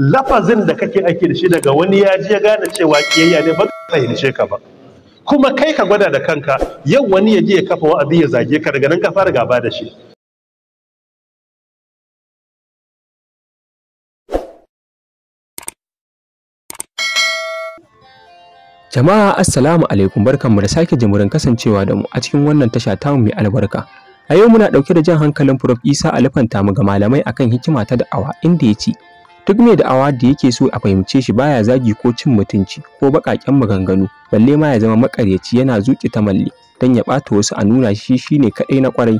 lafazin da kake ake da shi daga wani ya ji ya gane cewa kiyayya ne ba fahimce ka ba kuma kai ka gwada da kanka yau wani ya ji ya kafa wa'azi ya zage ka daga nan ka fara gaba da shi Jama'a assalamu alaikum mu da sake jimurin kasancewa da mu a cikin wannan tasha ta mai albarka. A yau muna ɗauke da jan hankalin Prof Isa alifanta mu ga malamai akan hikima ta da'awa inda ya ce duk mai da'awa da yake so a fahimce shi baya zagi ko cin mutunci ko baƙaƙen maganganu balle ma ya zama maƙaryaci yana zuƙi ta malle don ya ɓata wasu a nuna shi shine kaɗai na ƙwarai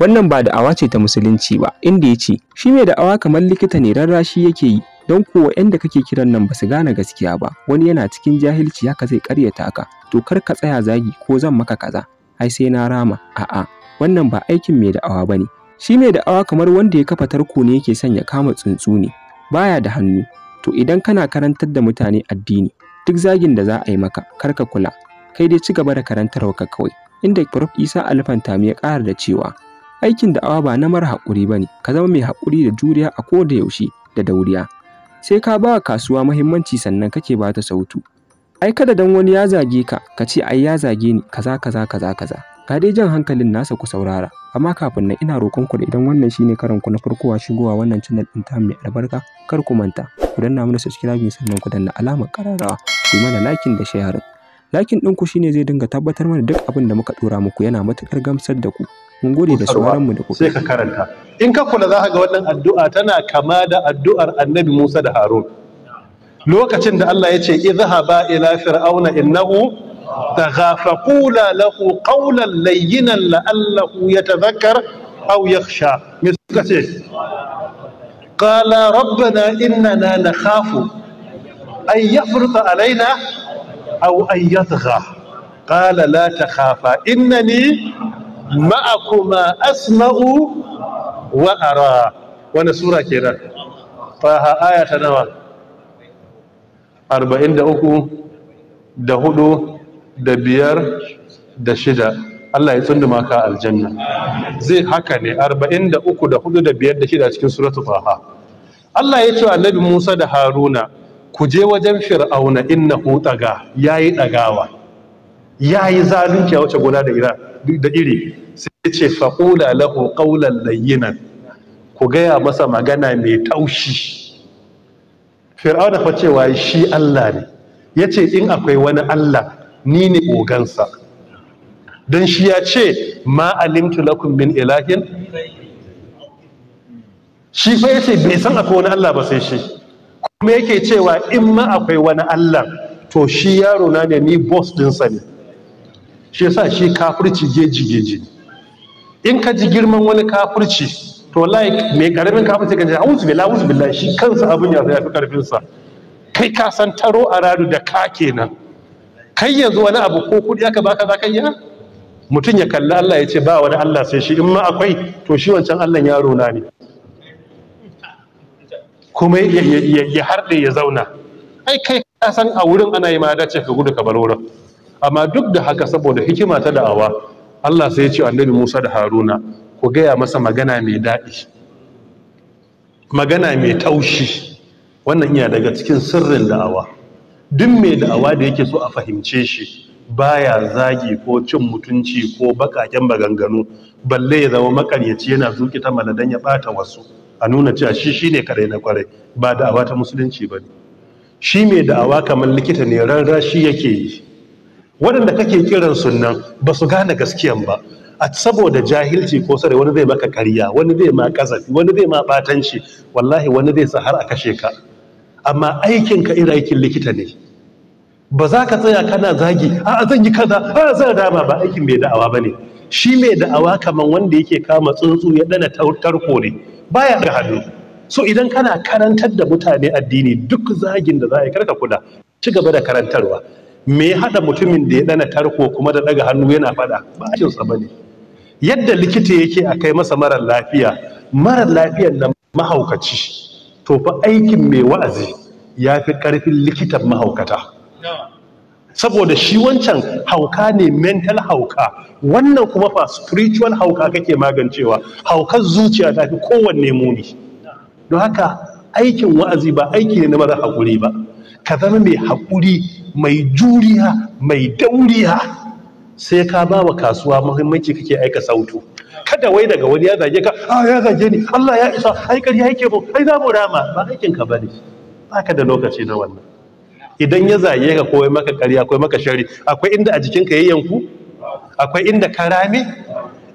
wannan ba da'awa ce ta musulunci ba inda ya ce shi mai da'awa kamar likita ne rarrashi yake yi don kuwa yanda kake kiran nan basu gane gaskiya ba wani yana cikin jahilci haka zai karyata ka to kar ka tsaya zagi ko zan maka kaza ai sai na rama a'a wannan ba aikin mai da'awa bane shi mai da'awa kamar wanda ya kafa tarko ne yake son ya kama tsuntsu ne baya da hannu to idan kana karantar da mutane addini duk zagin da za a yi maka kar ka kula kai dai ci gaba da ka kawai inda prof isa alfantami ya ƙara da cewa aikin da'awa ba na mara haƙuri ba ne ka zama mai haƙuri da juriya a ko da yaushe da dauriya sai ka ba kasuwa muhimmanci sannan kake ba ta sautu ai kada dan wani ya zage ka ka ce ai ya zage ni kaza kaza kaza kaza Ga dai jan hankalin nasa ku saurara. Amma kafin nan ina roƙon ku da idan wannan shine karan ku na farko a shigowa wannan channel din ta mai albarka, kar ku manta. Ku danna mana subscribe sannan ku danna alamar kararrawa. Ku mana lakin da share. Lakin ɗinku shine zai dinga tabbatar mana duk abin da muka ɗora muku yana matuƙar gamsar da ku. Mun gode da sauraron mu da ku. Sai ka karanta. In ka kula za ka ga wannan addu'a tana kama da addu'ar Annabi Musa da Harun. Lokacin da Allah ya ce idhaba ila fir'auna innahu daga faƙula lahu ƙaunar layyinan la'allahu ya tazakar au ya sha me suka ce ƙala rabbana inna na na khafu an ya alaina au an ya zaga ƙala la ta khafa inna ni ma'akuma asma'u wa ara wani sura ke nan, faha aya ta nawa 43 da 4 da biyar da shida Allah ya tsunduma ka aljanna zai haka ne arba'in da uku da hudu da biyar da shida cikin suratu faha Allah ya ce annabi Musa da Haruna ku je wajen fir'auna innahu daga yayi dagawa yayi zalunci a wace gona da ira da iri sai ce faqula lahu qawlan layyinan ku gaya masa magana mai taushi fir'auna fa cewa shi Allah ne yace in akwai wani Allah ni ne ogansa don shi ya ce ma alimtu lakum min ilahin shi fa yace bai san akwai wani Allah ba sai shi kuma yake cewa in ma akwai wani Allah to shi yaro na ne ni boss ɗinsa ne shi yasa shi kafirci geji geji in ka ji girman wani kafirci to like mai karamin kafirci kan ji a'udhu billahi a'udhu billahi shi kansa abin ya fi karfin sa kai ka san taro a radu da ka kenan kai yanzu wani abu ko kudi aka baka za ka iya mutum ya kalli Allah ya ce ba wani Allah sai shi in ma akwai to shi wancan Allah yaro na ne kuma ya harɗe ya zauna ai kai ka san a wurin ana yi ma dace ka gudu ka bar wurin amma duk da haka saboda hikima ta da'awa Allah sai ya ce annabi Musa da Haruna ku gaya masa magana mai daɗi magana mai taushi wannan iya daga cikin sirrin da'awa duk mai da'awa da yake so a fahimce shi baya zagi ko cin mutunci ko bakaken maganganu balle ya zama makaryaci yana zuki ta maladan ya bata wasu a nuna cewa shi shine kare na kware ba da'awa ta musulunci ba ne shi mai da'awa kamar likita ne rarra shi yake yi waɗanda kake kiran sunan ba su gane gaskiyan ba a saboda jahilci ko sare wani zai maka karya wani zai ma kasafi wani zai ma batanci wallahi wani zai sa har a kashe ka amma aikin ka ira aikin likita ne ba za ka tsaya kana zagi a zan yi kaza a dama ba aikin mai da'awa ba ne shi mai da'awa kamar wanda yake kama tsuntsu ya dana tarko ne baya da hannu so idan kana karantar da mutane addini duk zagin da za a yi karka kula ci gaba da karantarwa me ya haɗa mutumin da ya dana tarko kuma da daga hannu yana faɗa ba a ba ne yadda likita yake a kai masa marar lafiya marar lafiyan nan mahaukaci to fa aikin mai wa'azi ya fi ƙarfin likitan mahaukata saboda shi wancan hauka ne mental hauka wannan kuma fa spiritual hauka kake magancewa haukar zuciya ta fi kowanne muni don haka aikin wa'azi ba aiki ne na mara haƙuri ba ka zama mai haƙuri mai juriya mai dauriya sai ka ba wa kasuwa muhimmanci kake aika sautu kada wai daga wani ya zage ka a ah, ya zage ni Allah ya isa aikari ya yake mu ai za mu rama ba aikin ka bane ba ka da lokaci na wannan idan ya zage ka ko maka ƙarya ko maka shari akwai inda a jikinka ya yanku akwai inda ka rami?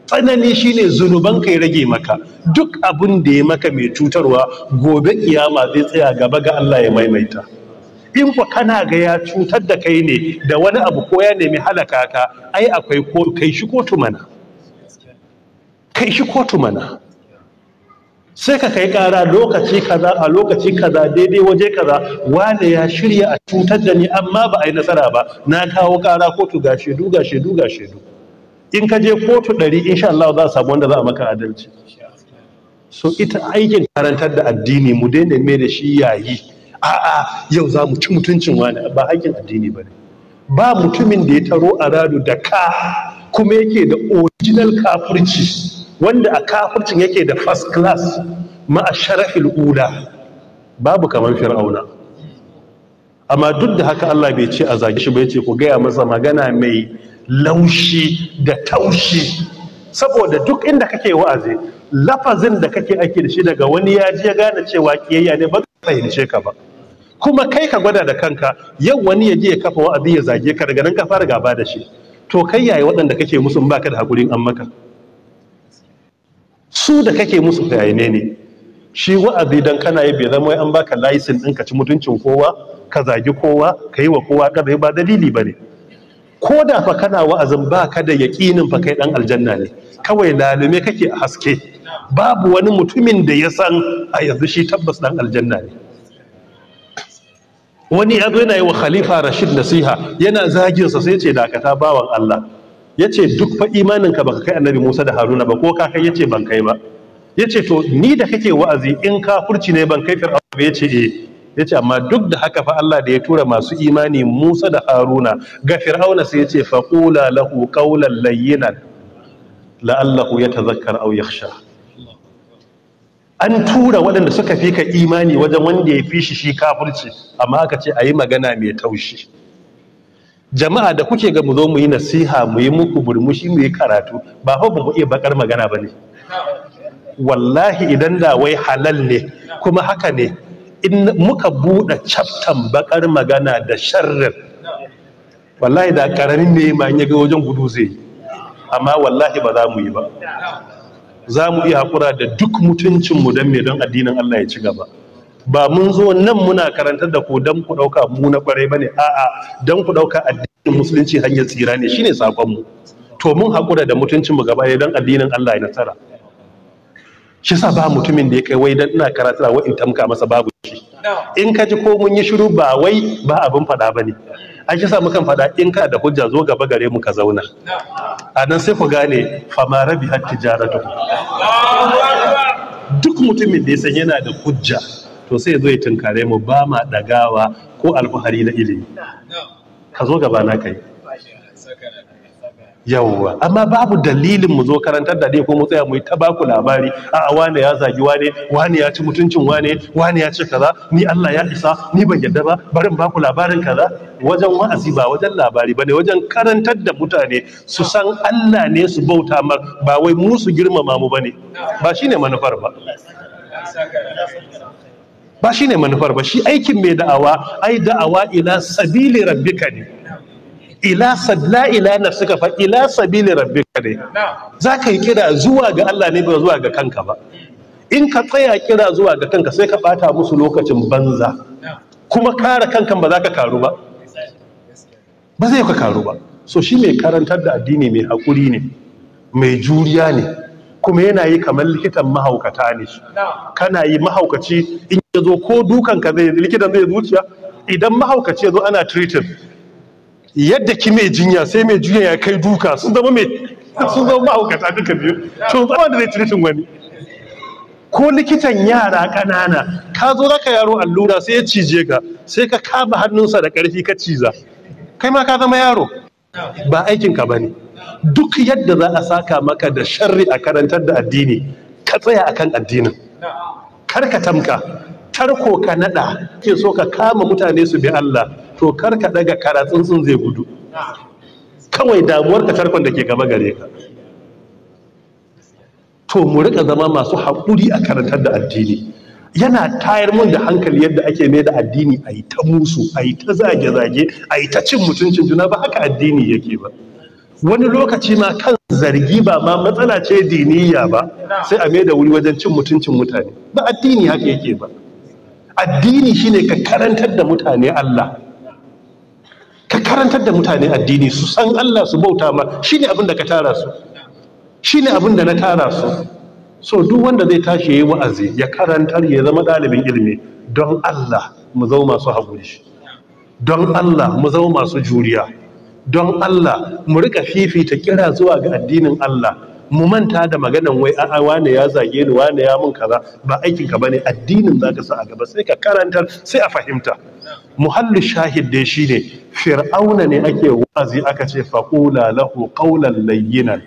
tsanani shine zunuban kai rage maka duk abun da ya maka mai cutarwa gobe kiyama zai tsaya gaba ga Allah ya maimaita in ku kana ga ya cutar da kai ne da wani abu ko ya nemi halaka ka ai akwai ko kai shi kotu mana kai shi kotu mana sai ka kai kara lokaci kaza a lokaci kaza daidai waje kaza wane ya shirya a cutar da ni amma ba a yi nasara ba na kawo kara kotu ga shaidu ga shaidu ga shaidu in ka je kotu ɗari insha Allah za a samu wanda za a maka adalci so ita aikin karantar da addini mu daina mai da shi yayi a'a yau za mu ci mutuncin wani ba aikin addini ba ne ba mutumin da ya taro a radu da ka kuma yake da original kafirci wanda a kafircin yake da first class ma'a sharafil ula babu kamar fir'auna amma duk da haka Allah bai ce a zage shi bai ce ku gaya masa magana mai laushi da taushi saboda duk inda kake wa'azi lafazin da kake ake da shi daga wani ya ji ya gane cewa kiyayya ne ba ka fahimce ka ba kuma kai ka gwada da kanka yau wani ya je ya kafa wa'azi ya zage ka daga nan ka fara gaba da shi to kai yayi waɗanda kake musu baka da hakurin an maka su da kake musu fayayne ne shi wa'azi dan kana yi bai zama an baka laisin din ka ci mutuncin kowa ka zagi kowa ka yi wa kowa kadai ba dalili ba ne. ko da fa kana wa'azin ba ka da yaƙinin fa kai dan aljanna ne kawai lalume kake a haske babu wani mutumin da ya san a yanzu shi tabbas dan aljanna ne wani ya zo yana yi wa khalifa rashid nasiha yana zaginsa sai ce dakata bawan allah Ya ce duk fa imanin ka baka kai annabi Musa da Haruna ba ko ka kai yace ban kai ba yace to ni da kake wa'azi in ka furci ne ban kai fir'auna ba yace eh yace amma duk da haka fa Allah da ya tura masu imani Musa da Haruna ga fir'auna sai yace qula lahu qawlan layyinan la'allahu yatazakkar aw yakhsha an tura waɗanda suka fi ka imani wajen wanda ya fi shi shi kafirci amma aka ce a yi magana mai taushi jama'a da kuke ga mu zo mu yi nasiha mu yi muku burmushi mu yi karatu ba ba mu iya bakar magana ba ne wallahi idan da wai halal ne kuma haka ne in muka buɗe caftan bakar magana da sharrin wallahi da karamin ne ma ya ga wajen gudu zai yi amma wallahi ba za mu yi ba za mu iya haƙura da duk mutuncinmu don mai don addinin Allah ya ci gaba ba mun zo nan muna karantar da ku dan ku ɗauka mu na kwarai ba ne a'a don ku ɗauka addinin musulunci hanyar tsira ne shine mu to mun hakura da mutuncin mu gaba dan addinin Allah ya nasara shi sa ba mutumin da ya kai wai don ina karatu wa in tamka masa babu shi in ka ji ko mun yi shiru ba wai ba abin faɗa ba ne an shi sa mukan fada in ka da hujja zo gaba gare mu ka zauna a nan sai ku gane famara bi har jaratu. duk mutumin da ya san yana da hujja to sai zo ya tunkare mu ba ma dagawa ko alfahari na ilimi ka zo gaba na kai yawwa amma babu dalilin mu zo karantar da dai ko mu tsaya mu yi ta baku labari a wane ya zagi wane wane ya ci mutuncin wane wane ya ci kaza ni Allah ya isa ni ban yadda ba barin baku labarin kaza wajen wa'azi ba wajen labari bane wajen karantar da mutane su san Allah ne su bauta mar ba wai mu su girmama mu bane ba shine manufar ba ba shi ne manufar ba shi aikin mai da'awa ai da'awa ila sabili rabbika ne ila sadla ila na suka fa ila sabili rabbika ne za ka yi kira zuwa ga Allah ne ba zuwa ga kanka ba in ka tsaya kira zuwa ga kanka sai ka bata musu lokacin banza kuma kara kankan ba za ka karu ba ba zai ka karu ba so shi mai karantar da addini mai hakuri ne mai juriya ne kuma yana yi kamar likitan mahaukata ne kana yi mahaukaci ya zo ko dukan ka zai likitan zai zuciya idan mahaukaci ya zo ana treating yadda ki mai jinya sai mai jinya ya kai duka sun zama mai sun zama mahaukata duka biyu to zama da zai treating wani ko likitan yara ƙanana ka zo zaka yaro allura sai ya cije ka sai ka kama hannunsa da ƙarfi ka ciza kai ma ka zama yaro ba aikinka ba ne duk yadda za a saka maka da sharri a karantar da addini ka tsaya akan addinin kar ka tamka tarko ka nada ke so ka kama mutane su bi Allah to kar ka daga kara tsuntsun zai gudu kawai damuwar ka tarkon da ke gaba gare ka to mu rika zama masu haƙuri a karantar da addini yana tayar mun da hankali yadda ake mai da addini a yi ta musu a yi ta zage-zage a yi ta cin mutuncin juna ba haka addini yake ba wani lokaci ma kan zargi ba ma matsala ce diniya ba sai a mai da wuri wajen cin mutuncin mutane ba addini haka yake ba addini shine ka karantar da mutane Allah ka karantar da mutane addini su san Allah su bauta ma shine abin da ka tara su shine abin da na tara su so duk wanda zai tashi yayi wa'azi ya karantar ya zama ɗalibin ilimi don Allah mu zama masu haƙuri don Allah mu zama masu juriya don Allah mu rika fifita kira zuwa ga addinin Allah mu manta da maganan wai a'a wane ya zage ni wane ya mun kaza ba aikin ka bane addinin zaka sa a gaba sai ka karantar sai a fahimta muhallu shahid dai shine fir'auna ne ake wazi aka ce faqula lahu qawlan layyinan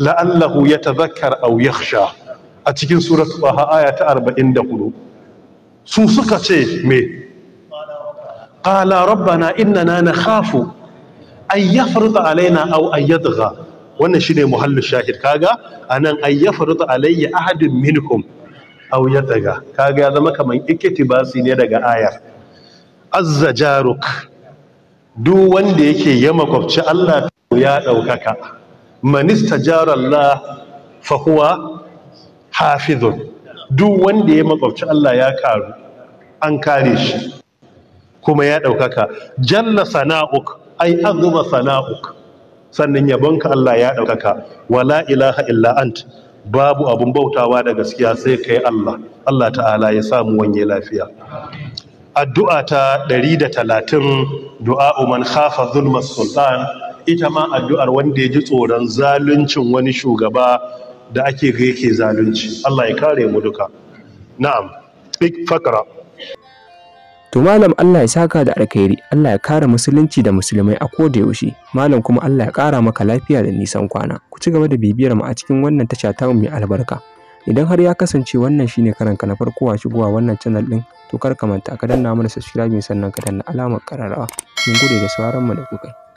la'allahu yatadhakkar aw yakhsha a cikin suratu baha aya ta 44 su suka ce me qala rabbana innana nakhafu an yafruta alaina aw an yadgha wannan shine muhallu shahid kaga anan ay yafrudu alayya ahadun minkum aw yataga kaga ya zama kaman Basi ne daga ayar azza jaruk duk wanda yake ya kwafci Allah ya daukaka man istajara Allah fa huwa hafizun duk wanda ya kwafci Allah ya karu an kare shi kuma ya daukaka jalla sana'uk ai azuma sana'uk sannan yabonka Allah ya ɗaukaka wala ilaha illa ant babu abun bautawa da gaskiya sai kai Allah Allah ta'ala ya samu wanye lafiya addu'a ta ɗari 130 du'a man khafa zulma sultan ita ma addu'ar wanda ya ji tsoron zaluncin wani shugaba da ake ga yake zalunci Allah ya kare mu duka na'am ik fakra To malam Allah ya saka da alkhairi, Allah ya kare musulunci da musulmai a ko da yaushe. Malam kuma Allah ya kara maka lafiya da nisan kwana. Ku ci gaba da bibiyar mu a cikin wannan tasha ta mai albarka. Idan har ya kasance wannan shine karanka na farko a shigowa wannan channel din, to kar ka manta ka danna mana subscribe sannan ka danna alamar kararrawa. Mun gode da sauraron mu da kuka.